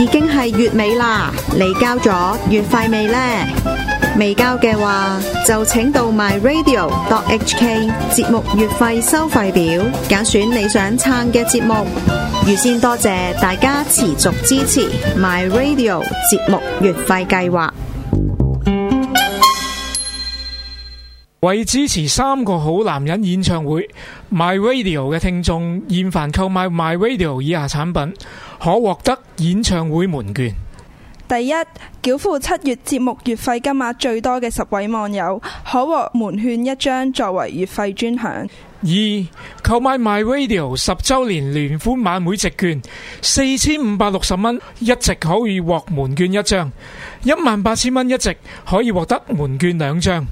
已經係月尾啦，你交咗月費未呢？未交嘅話，就請到 myradio.hk 節目月費收費表，揀選你想撐嘅節目。預先多謝大家持續支持 myradio 節目月費計劃。為支持《三個好男人》演唱會，myradio 嘅聽眾現凡購買 myradio 以下產品。可獲得演唱會門券。第一，繳付七月節目月費金額最多嘅十位網友，可獲門券一張作為月費專享。二，購買 My Radio 十周年聯歡晚會席券四千五百六十蚊一席可以獲門券一張；一萬八千蚊一席可以獲得門券兩張。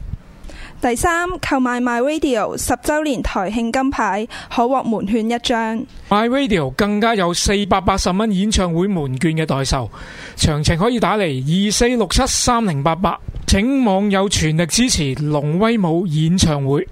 第三，購買 MyRadio 十周年台慶金牌，可獲門券一張。MyRadio 更加有四百八十蚊演唱會門券嘅代售，詳情可以打嚟二四六七三零八八，請網友全力支持龍威武演唱會。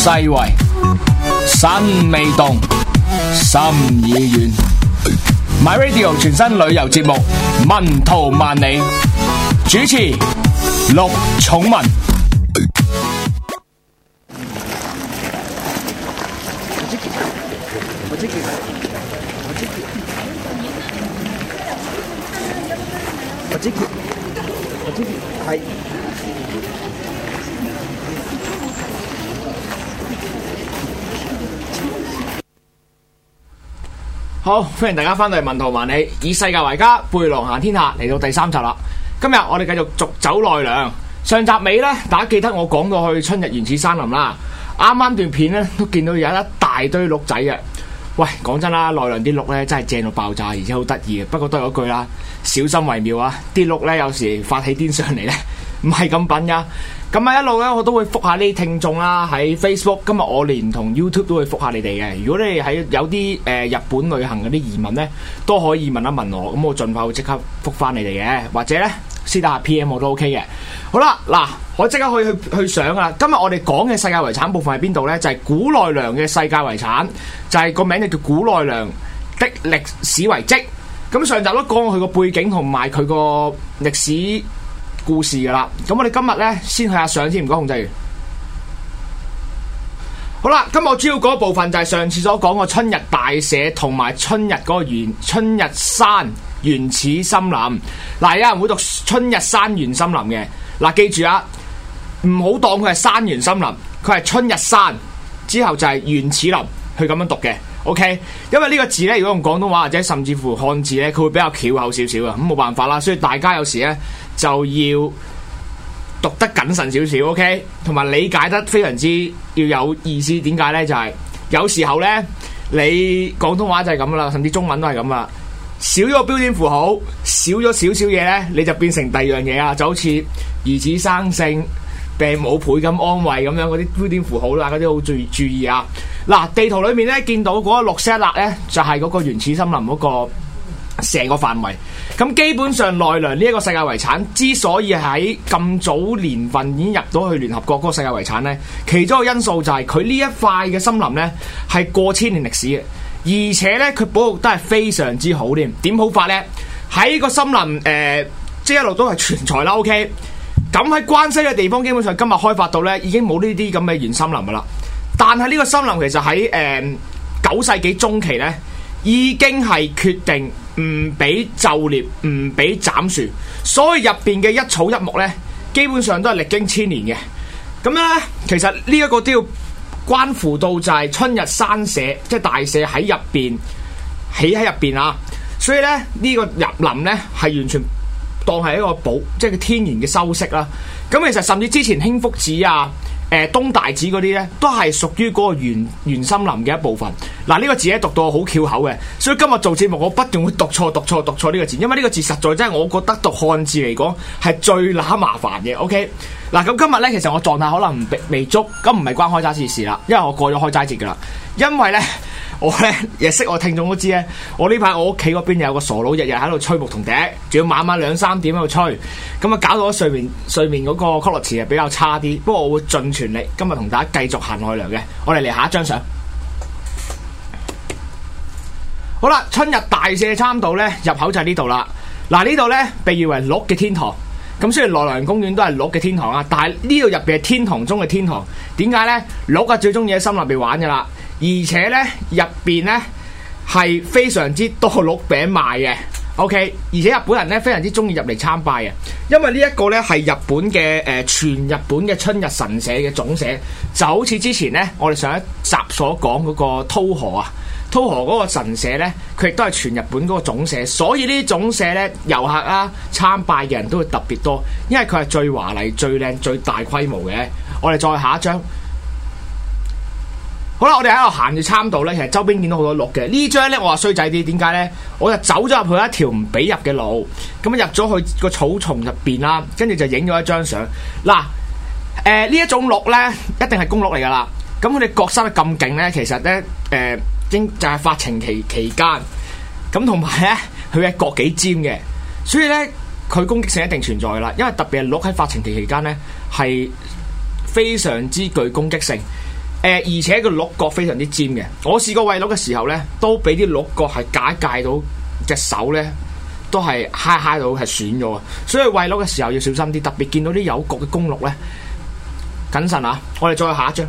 世圍，身未動，心已遠。My Radio 全新旅遊節目《文圖萬里》，主持陸寵文。好，歡迎大家翻到《嚟文圖萬里以世界為家背囊行天下》嚟到第三集啦。今日我哋繼續逐走奈良。上集尾呢，大家記得我講到去春日原始山林啦。啱啱段片呢，都見到有一大堆鹿仔啊。喂，講真啦，奈良啲鹿呢真係正到爆炸，而且好得意嘅。不過都係嗰句啦，小心為妙啊。啲鹿呢，有時發起癲上嚟呢，唔係咁品噶。咁啊一路咧，我都會覆下呢啲聽眾啦、啊，喺 Facebook。今日我連同 YouTube 都會覆下你哋嘅。如果你喺有啲誒、呃、日本旅行嗰啲疑問呢，都可以問一問我，咁我盡快會即刻覆翻你哋嘅。或者呢，私底下 PM 我都 OK 嘅。好啦，嗱，我即刻可以去去上啦。今日我哋講嘅世界遺產部分係邊度呢？就係、是、古奈良嘅世界遺產，就係、是、個名就叫古奈良的歷史遺跡。咁上集都講佢個背景同埋佢個歷史。故事噶啦，咁我哋今日呢，先去下上先唔該控制員，好啦，今日我主要嗰部分就係上次所講個春日大社同埋春日個原春日山原始森林，嗱有人會讀春日山原始森林嘅，嗱記住啊，唔好當佢係山原始森林，佢係春日山之後就係原始林去咁樣讀嘅，OK，因為呢個字呢，如果用廣東話或者甚至乎漢字呢，佢會比較巧口少少啊，咁冇辦法啦，所以大家有時呢。就要讀得謹慎少少，OK，同埋理解得非常之要有意思。點解呢？就係、是、有時候呢，你廣東話就係咁啦，甚至中文都係咁啦。少咗標點符號，少咗少少嘢呢，你就變成第二樣嘢啊！就好似兒子生性，病母倍咁安慰咁樣，嗰啲標點符號啦，嗰啲好注注意啊！嗱，地圖裏面呢，見到嗰個綠色啦，呢就係、是、嗰個原始森林嗰、那個。成個範圍咁，基本上奈良呢一個世界遺產之所以喺咁早年份已經入到去聯合國嗰個世界遺產呢，其中一個因素就係佢呢一塊嘅森林呢係過千年歷史嘅，而且呢，佢保育得係非常之好添。點好法呢？喺個森林誒，即、呃就是、一路都係存在啦。OK，咁喺關西嘅地方，基本上今日開發到呢已經冇呢啲咁嘅原森林噶啦。但係呢個森林其實喺誒九世紀中期呢已經係決定。唔俾就獵，唔俾斬樹，所以入邊嘅一草一木呢，基本上都係歷經千年嘅。咁呢，其實呢一個都要關乎到就係春日山社，即係大社喺入邊起喺入邊啊。所以呢，呢個入林呢，係完全當係一個寶，即係個天然嘅修飾啦、啊。咁其實甚至之前興福寺啊。誒東大寺嗰啲呢，都係屬於嗰個原原森林嘅一部分。嗱，呢個字咧讀到我好翹口嘅，所以今日做節目，我不斷會讀錯、讀錯、讀錯呢個字，因為呢個字實在真係我覺得讀漢字嚟講係最乸麻煩嘅。OK，嗱，咁今日呢，其實我狀態可能未未足，咁唔係關開齋節事啦，因為我過咗開齋節噶啦，因為呢。我咧，日識我聽眾都知咧。我呢排，我屋企嗰邊有個傻佬，日日喺度吹木同笛，仲要晚晚兩三點喺度吹，咁啊，搞到我睡眠睡眠嗰個 quality 比較差啲。不過我會盡全力，今日同大家繼續行奈良嘅。我哋嚟下一張相。好啦，春日大社參道咧，入口就係呢度啦。嗱，呢度咧被譽為鹿嘅天堂。咁雖然奈良公園都係鹿嘅天堂啊，但呢度入邊係天堂中嘅天堂。點解咧？鹿啊最中意喺森林入邊玩噶啦。而且呢，入邊呢係非常之多鹿餅賣嘅，OK。而且日本人呢非常之中意入嚟參拜嘅，因為呢一個呢係日本嘅誒、呃、全日本嘅春日神社嘅總社，就好似之前呢，我哋上一集所講嗰個稻荷啊，稻荷嗰個神社呢，佢亦都係全日本嗰個總社，所以呢啲總社呢，遊客啊參拜嘅人都會特別多，因為佢係最華麗、最靚、最大規模嘅。我哋再下一張。好啦，我哋喺度行住參道咧，其實周邊見到好多鹿嘅。呢張咧我話衰仔啲，點解咧？我就走咗入去一條唔俾入嘅路，咁入咗去個草叢入邊啦，跟住就影咗一張相。嗱，誒呢一種鹿咧，一定係公鹿嚟噶啦。咁佢哋角生得咁勁咧，其實咧誒正就係發情期期間。咁同埋咧，佢嘅角幾尖嘅，所以咧佢攻擊性一定存在啦。因為特別係鹿喺發情期期間咧，係非常之具攻擊性。而且個鹿角非常之尖嘅。我試過餵鹿嘅時候呢，都俾啲鹿角係解界到，隻手呢，都係嗨嗨到係損咗啊。所以餵鹿嘅時候要小心啲，特別見到啲有角嘅公鹿呢，謹慎啊！我哋再下一張。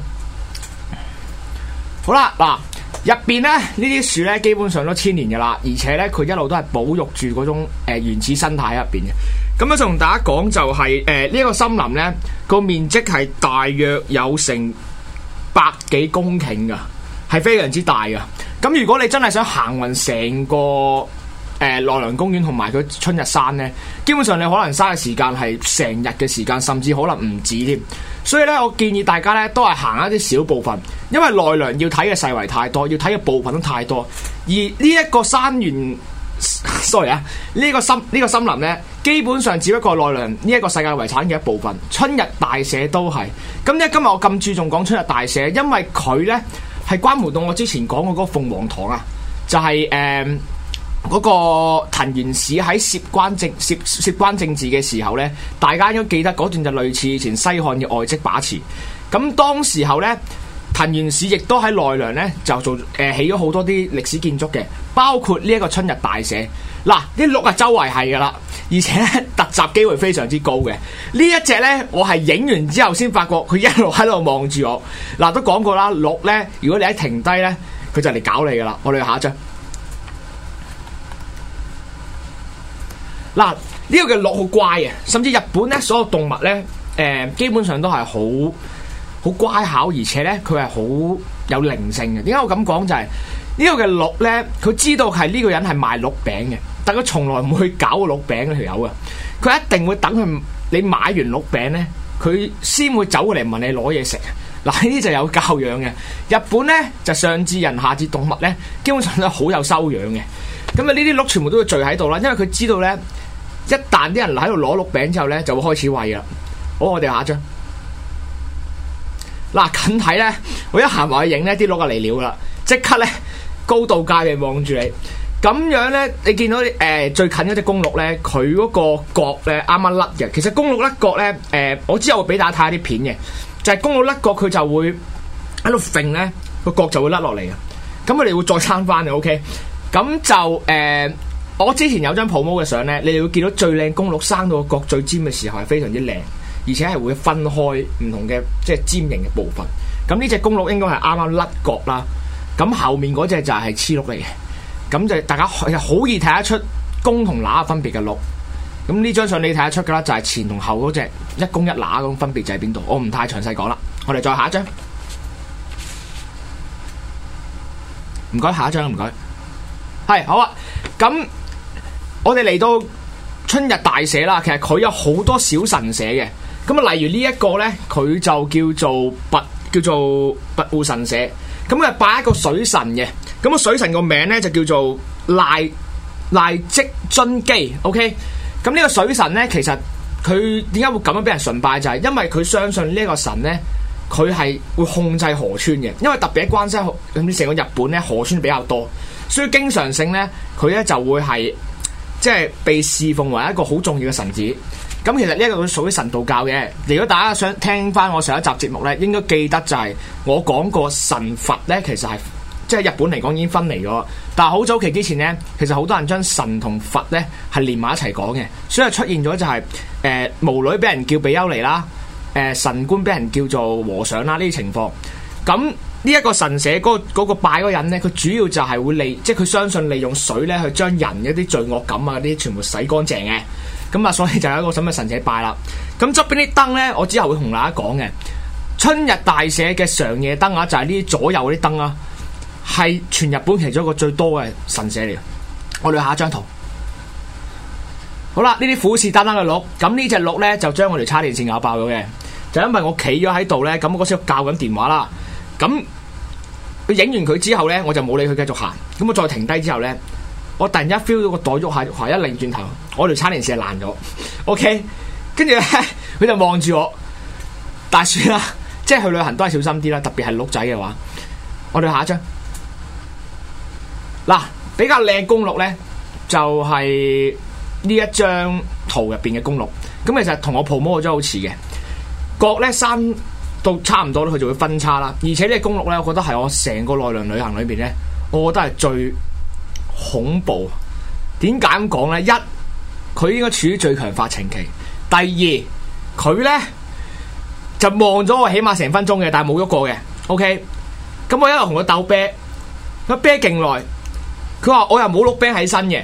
好啦，嗱，入邊咧呢啲樹呢，基本上都千年嘅啦，而且呢，佢一路都係保育住嗰種誒、呃、原始生態入邊嘅。咁咧就同大家講就係誒呢個森林呢，個面積係大約有成。百幾公頃噶，係非常之大噶。咁如果你真係想行勻成個誒奈良公園同埋佢春日山呢，基本上你可能嘥嘅時間係成日嘅時間，甚至可能唔止添。所以呢，我建議大家呢都係行一啲小部分，因為奈良要睇嘅範圍太多，要睇嘅部分都太多，而呢一個山園。 sorry 啊，呢個森呢個森林咧，基本上只不過奈良呢一個世界遺產嘅一部分。春日大社都係，咁咧今日我咁注重講春日大社，因為佢呢係關連到我之前講過嗰個鳳凰堂啊，就係誒嗰個藤原氏喺攝關政攝攝關政治嘅時候呢，大家應該記得嗰段就類似以前西漢嘅外戚把持，咁當時候呢。藤原市亦都喺奈良呢，就做誒起咗好多啲歷史建築嘅，包括呢一個春日大社。嗱，呢鹿啊周圍係噶啦，而且突襲機會非常之高嘅。呢一隻呢，我係影完之後先發覺佢一路喺度望住我。嗱，都講過啦，鹿呢，如果你一停低呢，佢就嚟搞你噶啦。我哋下一張。嗱，呢、這個嘅鹿好怪啊，甚至日本呢，所有動物呢，誒、呃、基本上都係好。好乖巧，而且呢，佢係好有靈性嘅。點解我咁講？就係呢度嘅鹿呢，佢知道係呢個人係賣鹿餅嘅，但佢從來唔會搞個鹿餅嗰條友啊。佢一定會等佢，你買完鹿餅呢，佢先會走過嚟問你攞嘢食。嗱，呢啲就有教養嘅。日本呢，就上至人下至動物呢，基本上都好有修養嘅。咁啊呢啲鹿全部都會聚喺度啦，因為佢知道呢，一旦啲人喺度攞鹿餅之後呢，就會開始餵啦。好，我哋下一張。嗱近睇咧，我一行埋去影咧，啲鹿就嚟了啦！即刻咧，高度戒備望住你。咁樣咧，你見到誒、呃、最近嗰隻公鹿咧，佢嗰個角咧啱啱甩嘅。其實公鹿甩角咧，誒、呃、我之後會俾大家睇下啲片嘅，就係、是、公鹿甩角佢就會喺度揈咧，個角就會甩落嚟嘅。咁佢哋會再生翻嘅。O K，咁就誒、呃，我之前有張抱毛嘅相咧，你哋會見到最靚公鹿生到個角最尖嘅時候係非常之靚。而且係會分開唔同嘅即係尖形嘅部分。咁呢隻公鹿應該係啱啱甩角啦。咁後面嗰隻就係雌鹿嚟嘅。咁就大家好易睇得出公同乸分別嘅鹿。咁呢張相你睇得出噶啦，就係前同後嗰隻一公一乸咁分別就喺邊度？我唔太詳細講啦。我哋再下一張。唔該，下一張唔該。係好啊。咁我哋嚟到春日大社啦。其實佢有好多小神社嘅。咁啊，例如呢、這、一個呢，佢就叫做祓叫做祓戶神社，咁啊拜一個水神嘅。咁啊，水神個名呢，就叫做瀨瀨織津姬，OK？咁呢個水神呢，其實佢點解會咁樣俾人崇拜就係、是、因為佢相信呢一個神呢，佢係會控制河川嘅。因為特別喺關西甚至成個日本呢，河川比較多，所以經常性呢，佢呢就會係即係被侍奉為一個好重要嘅神祇。咁其實呢一個屬於神道教嘅。如果大家想聽翻我上一集節目呢，應該記得就係我講過神佛呢，其實係即係日本嚟講已經分離咗。但係好早期之前呢，其實好多人將神同佛呢係連埋一齊講嘅，所以出現咗就係、是、誒、呃、巫女俾人叫比丘尼啦，誒、呃、神官俾人叫做和尚啦呢啲情況。咁呢一個神社嗰、嗰個嗰個拜嗰人呢，佢主要就係會利，即係佢相信利用水呢去將人一啲罪惡感啊啲全部洗乾淨嘅。咁啊，所以就有一個咁嘅神社拜啦。咁側邊啲燈呢，我之後會同大家講嘅。春日大社嘅常夜燈啊，就係呢啲左右啲燈啊，係全日本其中一個最多嘅神社嚟。我哋下一張圖。好啦，呢啲虎視眈眈嘅鹿，咁呢隻鹿呢，就將我哋叉電線咬爆咗嘅，就因為我企咗喺度咧，咁嗰時候我教緊電話啦。咁佢影完佢之後呢，我就冇理佢繼續行。咁我再停低之後呢。我突然間 feel 到個袋喐下喐下，一擰轉頭，我條叉鏈係爛咗。OK，跟住咧佢就望住我，但係算啦，即係去旅行都係小心啲啦，特別係鹿仔嘅話。我哋下一張。嗱，比較靚公鹿咧，就係呢一張圖入邊嘅公鹿。咁其實同我 promo 嗰張好似嘅，角咧，三到差唔多佢就會分叉啦。而且呢個公鹿咧，我覺得係我成個奈良旅行裏邊咧，我覺得係最恐怖，點解咁講咧？一，佢應該處於最強發情期；第二，佢咧就望咗我起碼成分鐘嘅，但係冇喐過嘅。OK，咁我一路同佢鬥啤，佢啤勁耐，佢話我又冇碌啤起身嘅。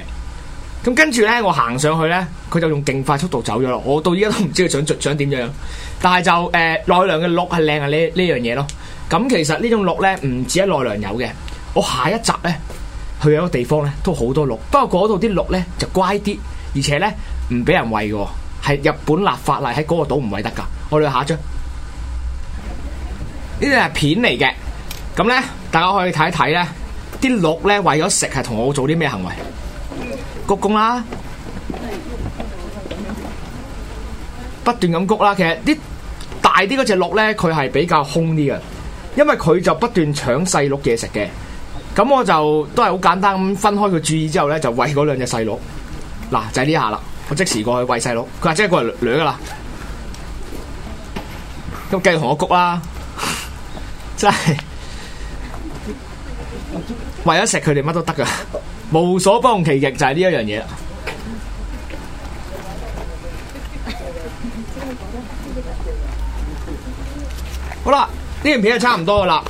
咁跟住咧，我行上去咧，佢就用勁快速度走咗啦。我到依家都唔知佢想著想點樣，但係就誒，奈良嘅鹿係靚啊呢呢樣嘢咯。咁其實呢種鹿咧唔止喺奈良有嘅，我下一集咧。去有個地方咧，都好多鹿。不過嗰度啲鹿咧就乖啲，而且咧唔俾人餵嘅，係日本立法例喺嗰個島唔餵得㗎。我哋下張呢啲係片嚟嘅，咁咧大家可以睇一睇咧，啲鹿咧為咗食係同我做啲咩行為？鞠躬啦，不斷咁鞠啦。其實啲大啲嗰隻鹿咧，佢係比較兇啲嘅，因為佢就不斷搶細鹿嘢食嘅。咁我就都係好簡單咁分開佢注意之後咧，就餵嗰兩隻細佬。嗱，就係呢下啦，我即時過去餵細佬。佢話即係過嚟掠噶啦，咁繼續同我谷啦，真係為咗食佢哋乜都得噶，無所不用其極就係呢一樣嘢。好啦，呢段片就差唔多噶啦，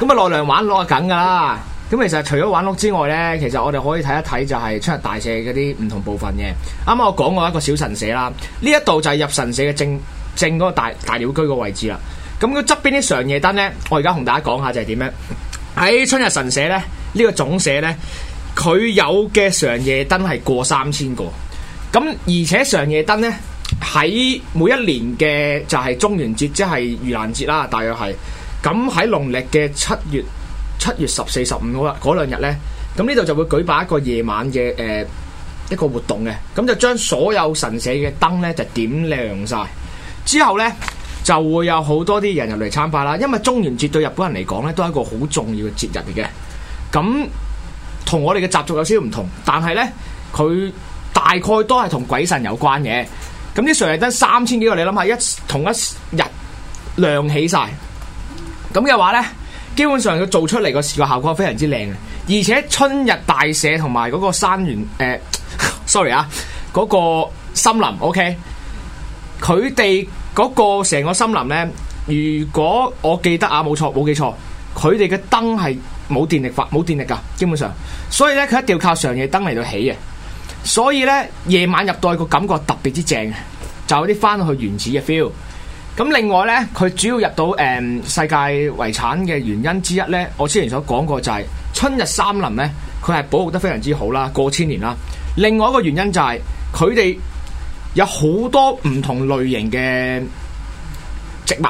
咁啊羅亮玩落啊梗噶啦。咁其實除咗玩屋之外呢，其實我哋可以睇一睇就係春日大社嗰啲唔同部分嘅。啱啱我講過一個小神社啦，呢一度就係入神社嘅正正個大大鳥居個位置啦。咁佢側邊啲常夜燈呢，我而家同大家講下就係點樣。喺春日神社呢，呢，呢個總社呢，佢有嘅常夜燈係過三千個。咁而且常夜燈呢，喺每一年嘅就係中元節，即係盂蘭節啦，大約係。咁喺農曆嘅七月。七月十四、十五嗰日嗰兩日呢，咁呢度就會舉辦一個夜晚嘅誒一個活動嘅，咁就將所有神社嘅燈呢就點亮曬，之後呢就會有好多啲人入嚟參拜啦。因為中元節對日本人嚟講呢都係一個好重要嘅節日嚟嘅，咁同我哋嘅習俗有少少唔同，但係呢佢大概都係同鬼神有關嘅。咁啲常夜燈三千幾個，你諗下，一同一日亮起曬，咁嘅話呢。基本上佢做出嚟個視覺效果非常之靚嘅，而且春日大社同埋嗰個山原誒、呃、sorry 啊，嗰、那個森林，ok，佢哋嗰個成個森林咧，如果我記得啊，冇錯冇記錯，佢哋嘅燈係冇電力發冇電力噶，基本上，所以咧佢一定要靠常夜燈嚟到起嘅，所以咧夜晚入到去個感覺特別之正嘅，就有啲翻去原始嘅 feel。咁另外呢，佢主要入到誒、嗯、世界遺產嘅原因之一呢，我之前所講過就係春日三林呢，佢係保護得非常之好啦，過千年啦。另外一個原因就係佢哋有好多唔同類型嘅植物。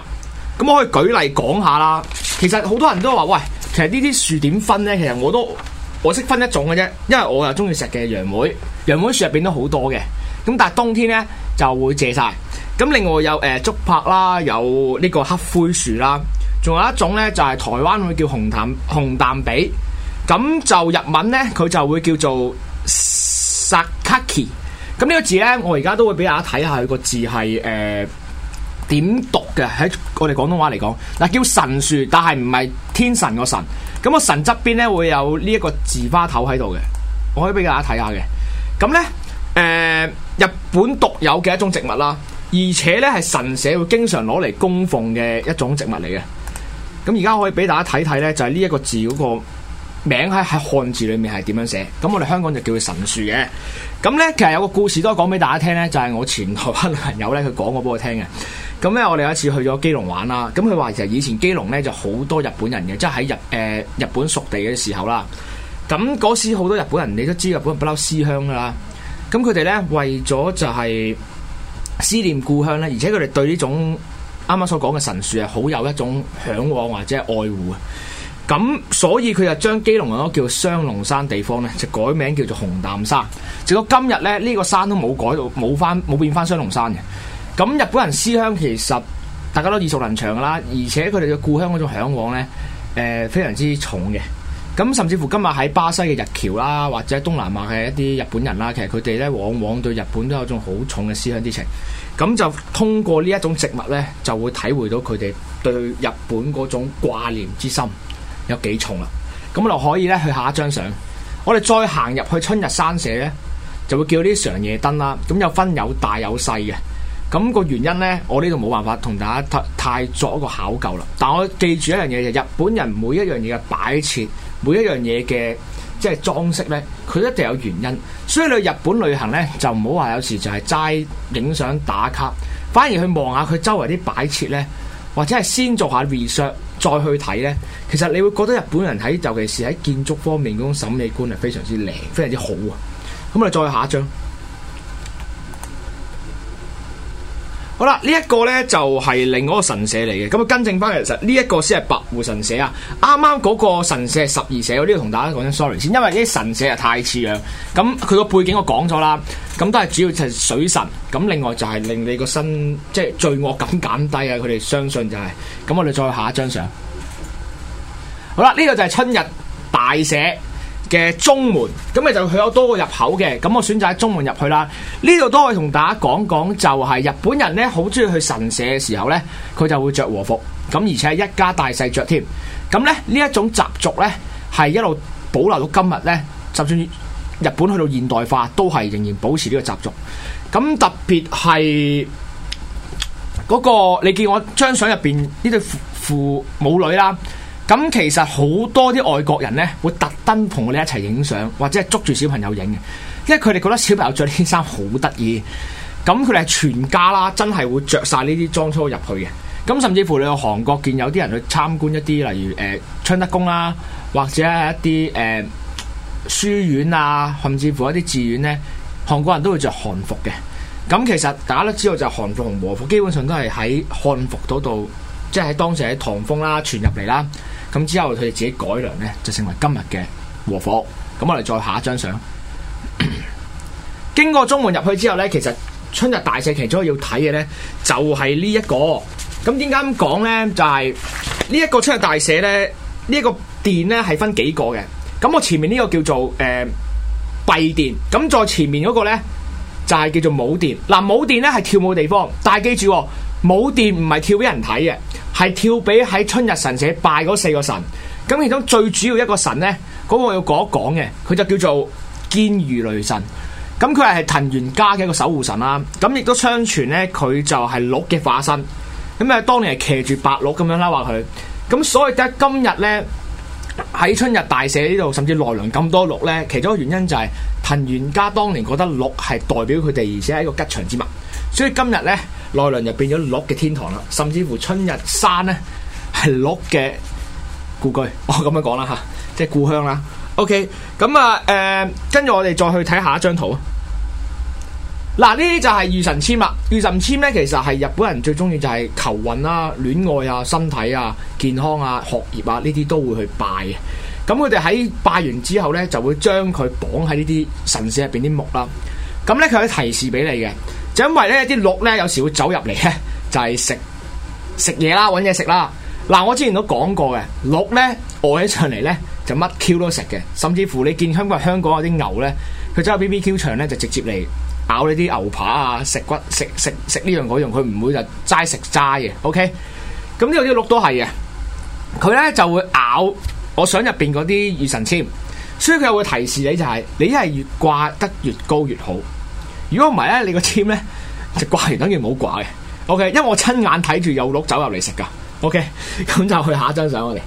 咁我可以舉例講下啦。其實好多人都話：「喂，其實呢啲樹點分呢？」其實我都我識分一種嘅啫，因為我又中意食嘅楊梅，楊梅樹入邊都好多嘅。咁但係冬天呢，就會借晒。咁另外有誒、呃、竹柏啦，有呢個黑灰樹啦，仲有一種呢，就係、是、台灣會叫紅淡紅淡比。咁就日文呢，佢就會叫做 Sakaki。咁呢個字呢，我而家都會俾大家睇下佢個字係誒、呃、點讀嘅，喺我哋廣東話嚟講，嗱叫神樹，但係唔係天神，神、個神。咁個神側邊呢，會有呢一個字花頭喺度嘅，我可以俾大家睇下嘅。咁呢。誒，日本獨有嘅一種植物啦，而且咧，係神社會經常攞嚟供奉嘅一種植物嚟嘅。咁而家可以俾大家睇睇咧，就係呢一個字嗰個名喺喺漢字裏面係點樣寫。咁我哋香港就叫佢神樹嘅。咁咧，其實有個故事都講俾大家聽咧，就係、是、我前台灣女朋友咧，佢講過俾我聽嘅。咁咧，我哋有一次去咗基隆玩啦，咁佢話其實以前基隆咧，就好多日本人嘅，即係喺日誒、呃、日本屬地嘅時候啦。咁嗰時好多日本人，你都知日本人不嬲思鄉噶啦。咁佢哋呢，為咗就係思念故鄉咧，而且佢哋對呢種啱啱所講嘅神樹係好有一種向往或者愛護啊。咁所以佢就將基隆嗰個叫雙龍山地方呢，就改名叫做紅淡山。直到今日呢，呢、呢個山都冇改到冇翻冇變翻雙龍山嘅。咁日本人思鄉其實大家都耳熟能詳噶啦，而且佢哋嘅故鄉嗰種向往呢，誒、呃、非常之重嘅。咁甚至乎今日喺巴西嘅日僑啦，或者東南亞嘅一啲日本人啦，其實佢哋呢，往往對日本都有種好重嘅思鄉之情。咁就通過呢一種植物呢，就會體會到佢哋對日本嗰種掛念之心有幾重啦。咁就可以呢，去下一張相，我哋再行入去春日山社呢，就會叫啲常夜燈啦。咁有分有大有細嘅。咁個原因呢，我呢度冇辦法同大家太太作一個考究啦。但我記住一樣嘢，就日本人每一樣嘢嘅擺設。每一樣嘢嘅即係裝飾呢，佢一定有原因。所以你去日本旅行呢，就唔好話有時就係齋影相打卡，反而去望下佢周圍啲擺設呢，或者係先做下 research 再去睇呢。其實你會覺得日本人喺尤其是喺建築方面嗰種審美觀係非常之靚，非常之好啊！咁我哋再下一張。好啦，呢、這、一個呢，就係另一個神社嚟嘅，咁啊更正翻，其實呢一個先係白狐神社啊，啱啱嗰個神社係十二社，我、這、呢個同大家講聲 sorry，先，因為啲神社啊太似樣，咁佢個背景我講咗啦，咁都係主要就係水神，咁另外就係令你個身即係罪惡感減低啊，佢哋相信就係、是，咁我哋再下一張相，好啦，呢、這個就係春日大社。嘅中門，咁咪就佢有多個入口嘅，咁我選擇喺中門入去啦。呢度都可以同大家講講，就係日本人呢好中意去神社嘅時候呢，佢就會着和服，咁而且係一家大細着添。咁咧呢一種習俗呢，係一路保留到今日呢，就算日本去到現代化，都係仍然保持呢個習俗。咁特別係嗰個，你見我張相入邊呢對父母女啦。咁其實好多啲外國人呢，會特登同我哋一齊影相，或者係捉住小朋友影嘅，因為佢哋覺得小朋友着呢啲衫好得意。咁佢哋係全家啦，真係會着晒呢啲裝束入去嘅。咁甚至乎你去韓國見有啲人去參觀一啲，例如誒昌、呃、德宮啦、啊，或者係一啲誒、呃、書院啊，甚至乎一啲寺院呢，韓國人都會着韓服嘅。咁其實大家都知道，就韓服同和，和服基本上都係喺漢服嗰度，即係喺當時喺唐風啦傳入嚟啦。咁之後佢哋自己改良呢，就成為今日嘅和火。咁我哋再下一張相， 經過中門入去之後呢，其實春日大社其中一個要睇嘅、這個、呢，就係呢一個。咁點解咁講呢？就係呢一個春日大社呢，呢、這、一個殿呢係分幾個嘅。咁我前面呢個叫做誒幣殿，咁、呃、再前面嗰個呢，就係、是、叫做舞殿。嗱舞殿呢係跳舞地方，但係記住舞殿唔係跳俾人睇嘅。係跳俾喺春日神社拜嗰四個神，咁其中最主要一個神呢，嗰、那個要講一講嘅，佢就叫做堅如雷神。咁佢係係藤原家嘅一個守護神啦。咁亦都相傳呢，佢就係鹿嘅化身。咁啊，當年係騎住白鹿咁樣啦，話佢。咁所以得今日呢，喺春日大社呢度，甚至奈良咁多鹿呢，其中一個原因就係、是、藤原家當年覺得鹿係代表佢哋，而且係一個吉祥之物。所以今日呢。奈良就變咗鹿嘅天堂啦，甚至乎春日山呢係鹿嘅故居，我咁樣講啦吓，即係故鄉啦。OK，咁啊，誒、呃，跟住我哋再去睇下一張圖啊。嗱，呢啲就係御神籤啦。御神籤呢，其實係日本人最中意就係求運啦、戀愛啊、身體啊、健康啊、學業啊呢啲都會去拜嘅。咁佢哋喺拜完之後呢，就會將佢綁喺呢啲神社入邊啲木啦。咁呢，佢會提示俾你嘅。就因為呢啲鹿呢，有時會走入嚟呢，就係食食嘢啦，揾嘢食啦。嗱，我之前都講過嘅，鹿呢，餓起上嚟呢，就乜 Q 都食嘅，甚至乎你見香港香港有啲牛呢，佢走入 BBQ 場呢，就直接嚟咬你啲牛扒啊、食骨、食食食呢樣嗰樣，佢唔會就齋食齋嘅。OK，咁呢度啲鹿都係嘅，佢呢就會咬我想入邊嗰啲御神籤，所以佢會提示你就係、是、你一係越掛得越高越好。如果唔係咧，你個籤咧就掛完等於，等於冇掛嘅。OK，因為我親眼睇住有鹿走入嚟食噶。OK，咁就去下一張相我哋。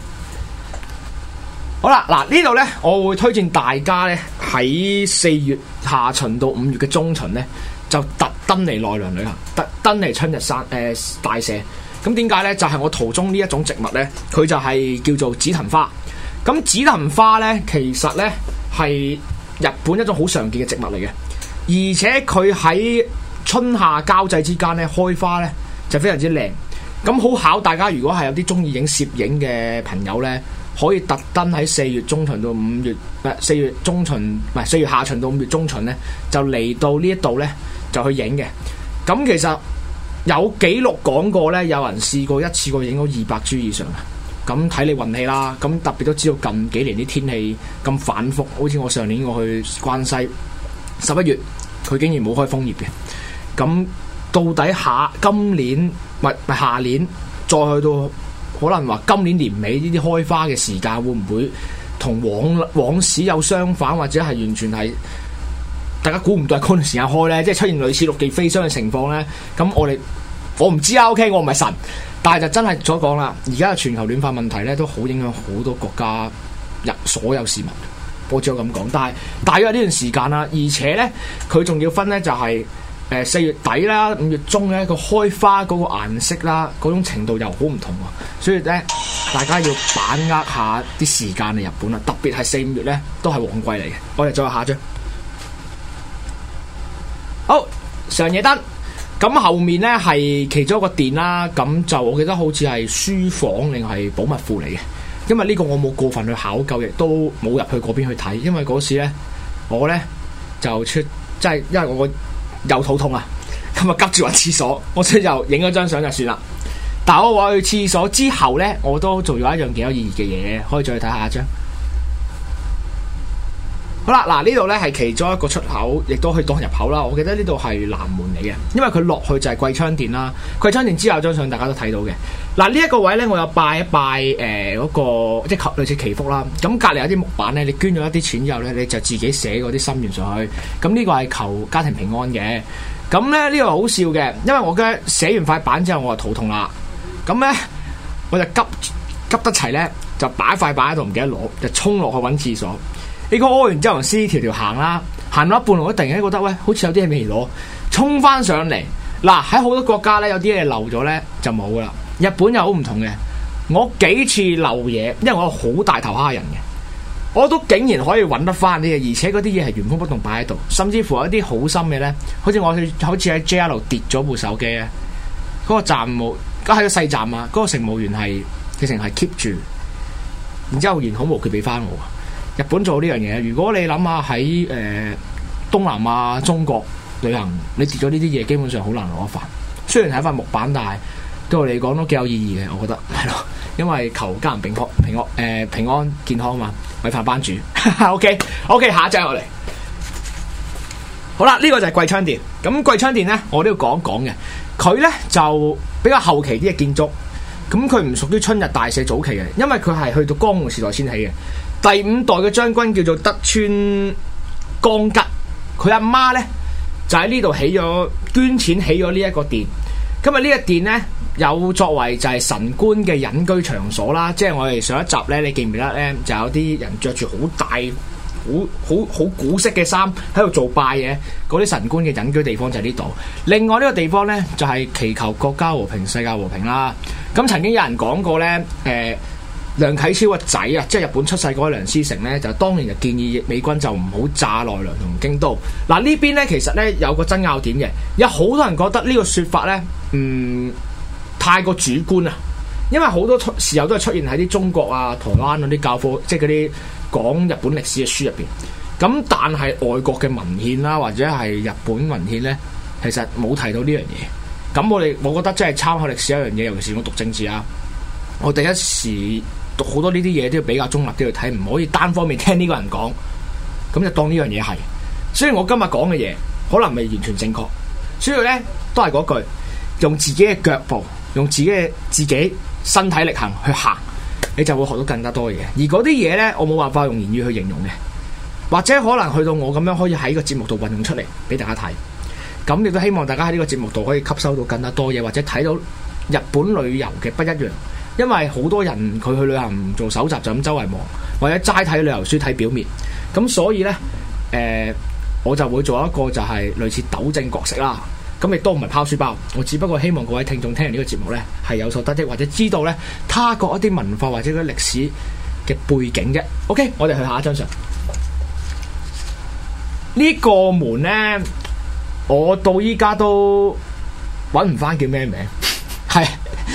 好啦，嗱，呢度呢，我會推薦大家呢，喺四月下旬到五月嘅中旬呢，就特登嚟奈良旅行，特登嚟春日山誒、呃、大社。咁點解呢？就係、是、我途中呢一種植物呢，佢就係叫做紫藤花。咁紫藤花呢，其實呢，係日本一種好常見嘅植物嚟嘅。而且佢喺春夏交際之間咧，開花咧就非常之靚。咁好巧，大家，如果係有啲中意影攝影嘅朋友呢，可以特登喺四月中旬到五月，呃、四月中旬，唔係四月下旬到五月中旬呢，就嚟到呢一度呢，就去影嘅。咁其實有記錄講過呢，有人試過一次過影到二百株以上嘅。咁睇你運氣啦。咁特別都知道近幾年啲天氣咁反覆，好似我上年我去關西十一月。佢竟然冇開楓葉嘅，咁到底下今年咪咪下年再去到，可能話今年年尾呢啲開花嘅時間會唔會同往往時有相反，或者係完全係大家估唔到係嗰段時間開呢？即係出現類似六月飛霜嘅情況呢。咁我哋我唔知啊，OK，我唔係神，但係就真係所講啦。而家嘅全球暖化問題呢，都好影響好多國家入所有市民。我只有咁講，但係大約呢段時間啦，而且呢，佢仲要分呢，就係誒四月底啦，五月中呢，佢開花嗰個顏色啦，嗰種程度又好唔同，所以呢，大家要把握下啲時間嚟日本啦，特別係四五月呢，都係旺季嚟嘅。我哋再下張，好上夜燈，咁後面呢，係其中一個殿啦，咁就我記得好似係書房定係寶物庫嚟嘅。因為呢個我冇過分去考究，亦都冇入去嗰邊去睇。因為嗰時呢，我呢，就出即係因為我又肚痛啊，咁啊急住去廁所，我所以就影咗張相就算啦。但我話去廁所之後呢，我都做咗一樣幾有意義嘅嘢，可以再睇下一張。好啦，嗱呢度呢係其中一個出口，亦都可以當入口啦。我記得呢度係南門嚟嘅，因為佢落去就係桂昌殿啦。桂昌殿之後張相大家都睇到嘅。嗱呢一個位呢，我又拜一拜誒嗰、呃嗰個即係求類似祈福啦。咁隔離有啲木板呢，你捐咗一啲錢之後呢，你就自己寫嗰啲心願上去。咁呢個係求家庭平安嘅。咁呢，呢、呢個好笑嘅，因為我嘅寫完塊板之後，我就肚痛啦。咁呢，我就急急得齊呢，就擺塊板喺度，唔記得攞，就衝落去揾廁所。你個屙完之後，撕條條行啦，行到一半路，我突然間覺得喂，好似有啲嘢未攞，衝翻上嚟。嗱喺好多國家咧，有啲嘢漏咗咧就冇啦。日本又好唔同嘅，我幾次漏嘢，因為我好大頭蝦人嘅，我都竟然可以揾得翻啲嘢，而且嗰啲嘢係原封不動擺喺度，甚至乎有一啲好心嘅咧，好似我去，好似喺 J R 跌咗部手機啊，嗰、個站務，喺、個細站啊，嗰個乘務員係直情係 keep 住，然之後完好無缺佢俾翻我。日本做呢樣嘢，如果你諗下喺誒東南亞、中國旅行，你跌咗呢啲嘢，基本上好難攞返。雖然係塊木板，但係對我嚟講都幾有意義嘅，我覺得係咯。因為求家人平安、平安誒平安健康嘛，咪發班主。 OK OK，下一隻落嚟。好啦，呢、呢個就係桂昌殿。咁桂昌殿呢，我都要講一講嘅。佢呢，就比較後期啲嘅建築。咁佢唔屬於春日大社早期嘅，因為佢係去到江戶時代先起嘅。第五代嘅將軍叫做德川綱吉，佢阿媽呢就喺呢度起咗捐錢起咗呢一個殿。今日呢一個殿呢，有作為就係神官嘅隱居場所啦，即係我哋上一集呢，你記唔記得呢？就有啲人着住好大好好好古式嘅衫喺度做拜嘢，嗰啲神官嘅隱居地方就係呢度。另外呢個地方呢，就係、是、祈求國家和平、世界和平啦。咁曾經有人講過呢，誒、呃，梁啟超個仔啊，即係日本出世嗰個梁思成呢，就當年就建議美軍就唔好炸奈良同京都。嗱，呢邊呢，其實呢有個爭拗點嘅，有好多人覺得呢個說法呢，嗯，太過主觀啊，因為好多時候都係出現喺啲中國啊、台灣嗰啲教科，即係嗰啲。講日本歷史嘅書入邊，咁但係外國嘅文獻啦、啊，或者係日本文獻呢，其實冇提到呢樣嘢。咁我哋我覺得真係參考歷史一樣嘢，尤其是我讀政治啊，我第一時讀好多呢啲嘢都要比較中立啲去睇，唔可以單方面聽呢個人講，咁就當呢樣嘢係。所以我今日講嘅嘢可能未完全正確，所以呢，都係嗰句，用自己嘅腳步，用自己嘅自己身體力行去行。你就會學到更加多嘢，而嗰啲嘢呢，我冇辦法用言語去形容嘅，或者可能去到我咁樣可以喺個節目度運用出嚟俾大家睇。咁亦都希望大家喺呢個節目度可以吸收到更加多嘢，或者睇到日本旅遊嘅不一樣。因為好多人佢去旅行唔做搜集，就咁周圍望，或者齋睇旅遊書睇表面。咁所以呢，誒、呃、我就會做一個就係類似糾正角色啦。咁亦都唔係拋書包，我只不過希望各位聽眾聽完呢個節目呢，係有所得益，或者知道呢，他國一啲文化或者一啲歷史嘅背景嘅。OK，我哋去下一張相。呢、呢個門呢，我到依家都揾唔翻叫咩名？係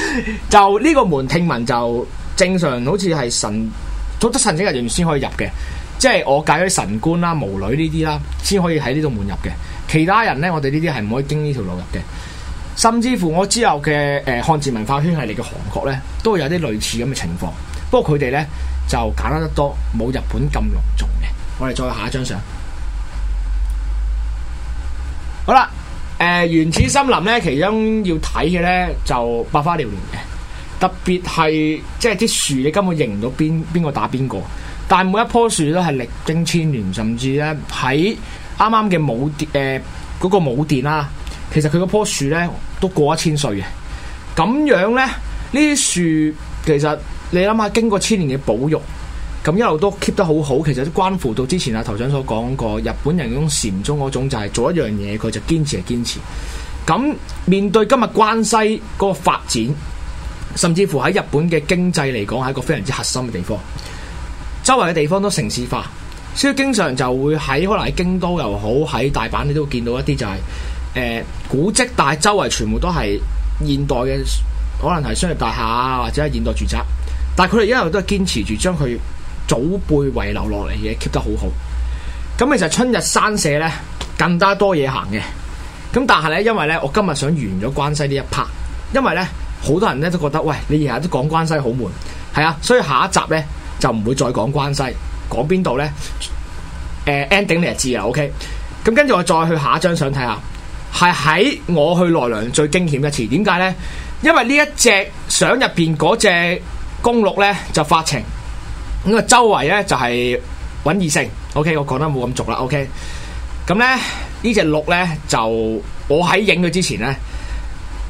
就呢個門，聽聞就正常好似係神，做得神職人員先可以入嘅。即係我介咗神官啦、巫女呢啲啦，先可以喺呢度門入嘅。其他人呢，我哋呢啲係唔可以經呢條路入嘅。甚至乎我之後嘅誒、呃、漢字文化圈系列嘅韓國呢，都會有啲類似咁嘅情況。不過佢哋呢，就簡單得多，冇日本咁隆重嘅。我哋再下一張相。好、呃、啦，誒原始森林呢，其中要睇嘅呢，就百花繚亂嘅，特別係即係啲樹你根本認唔到邊邊個打邊個。但每一棵樹都係歷經千年，甚至咧喺啱啱嘅武誒嗰個武殿啦，其實佢嗰棵樹咧都過一千歲嘅。咁樣咧，呢啲樹其實你諗下，經過千年嘅保育，咁一路都 keep 得好好。其實都關乎到之前阿、啊、頭長所講過，日本人嗰種禪宗嗰種就係、是、做一樣嘢，佢就堅持係堅持。咁面對今日關西嗰個發展，甚至乎喺日本嘅經濟嚟講，係一個非常之核心嘅地方。周圍嘅地方都城市化，所以經常就會喺可能喺京都又好喺大阪，你都見到一啲就係、是呃、古蹟，但係周圍全部都係現代嘅，可能係商業大廈或者係現代住宅，但係佢哋一路都係堅持住將佢祖輩遺留落嚟嘅 keep 得好好。咁其實春日山社呢，更加多嘢行嘅，咁但係呢，因為呢，我今日想完咗關西呢一 part，因為呢，好多人呢都覺得喂，你日日都講關西好悶，係啊，所以下一集呢。就唔會再講關西，講邊度呢？誒，ending 你又知啦，OK。咁跟住我再去下一張相睇下，係喺我去奈良最驚險一次，點解呢？因為呢一隻相入邊嗰隻公鹿呢，就發情，咁啊周圍呢，就係揾異性。OK，我講得冇咁俗啦，OK。咁呢，呢隻鹿呢，就我喺影佢之前呢，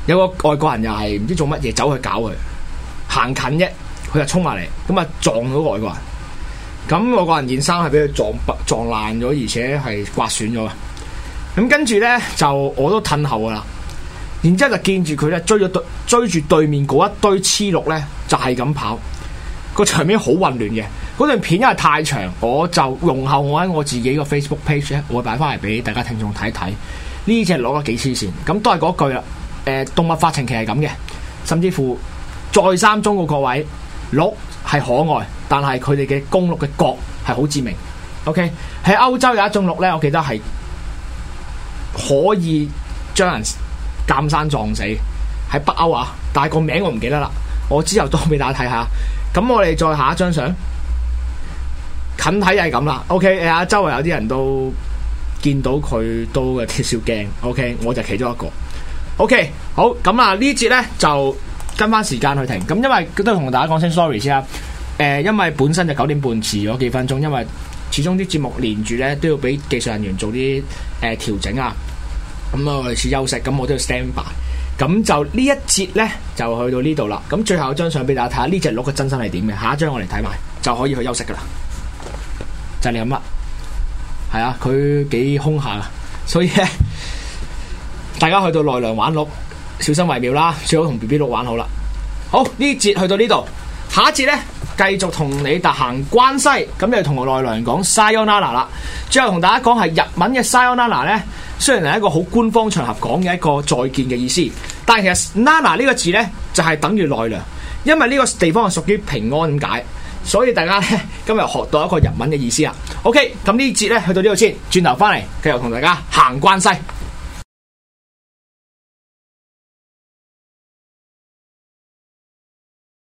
有個外國人又係唔知做乜嘢走去搞佢，行近啫。佢就衝埋嚟，咁啊撞到外國人，咁外國人件衫係俾佢撞撞爛咗，而且係刮損咗嘅。咁跟住呢，就我都褪後噶啦，然之後就見住佢咧追咗追住對面嗰一堆雌鹿呢，就係、是、咁跑。個場面好混亂嘅，嗰段片因為太長，我就容後我喺我自己個 Facebook page 呢我擺翻嚟俾大家聽眾睇睇。呢隻攞咗幾黐線，咁都係嗰句啦。誒、呃，動物發情期係咁嘅，甚至乎再三中嘅各位。鹿係可愛，但係佢哋嘅公鹿嘅角係好致命。OK，喺歐洲有一種鹿咧，我記得係可以將人監生撞死。喺北歐啊，但係個名我唔記得啦，我之後都俾大家睇下。咁我哋再下一張相，近睇就係咁啦。OK，誒，周圍有啲人都見到佢都有少少驚。OK，我就其中一個。OK，好，咁啊呢節咧就跟翻時間去停，咁因為都同大家講聲 sorry 先啦。誒、呃，因為本身就九點半遲咗幾分鐘，因為始終啲節目連住呢都要俾技術人員做啲誒、呃、調整啊。咁啊，我哋次休息，咁我都要 stand by。咁就呢一節呢，就去到呢度啦。咁最後一張相俾大家睇下，呢隻鹿嘅真身係點嘅。下一張我嚟睇埋，就可以去休息噶啦。就係你阿乜？係啊，佢幾兇下，所以咧，大家去到奈良玩鹿，小心為妙啦，最好同 B B 都玩好啦。好，呢節去到呢度，下一節呢，繼續同你哋行關西，咁又同我奈良講 Sayonara 啦。最後同大家講係日文嘅 Sayonara 呢，雖然係一個好官方場合講嘅一個再見嘅意思，但係其實 Nara 呢個字呢，就係等於奈良，因為呢個地方係屬於平安咁解，所以大家呢今日學到一個日文嘅意思啊。OK，咁呢節呢，去到呢度先，轉頭翻嚟繼續同大家行關西。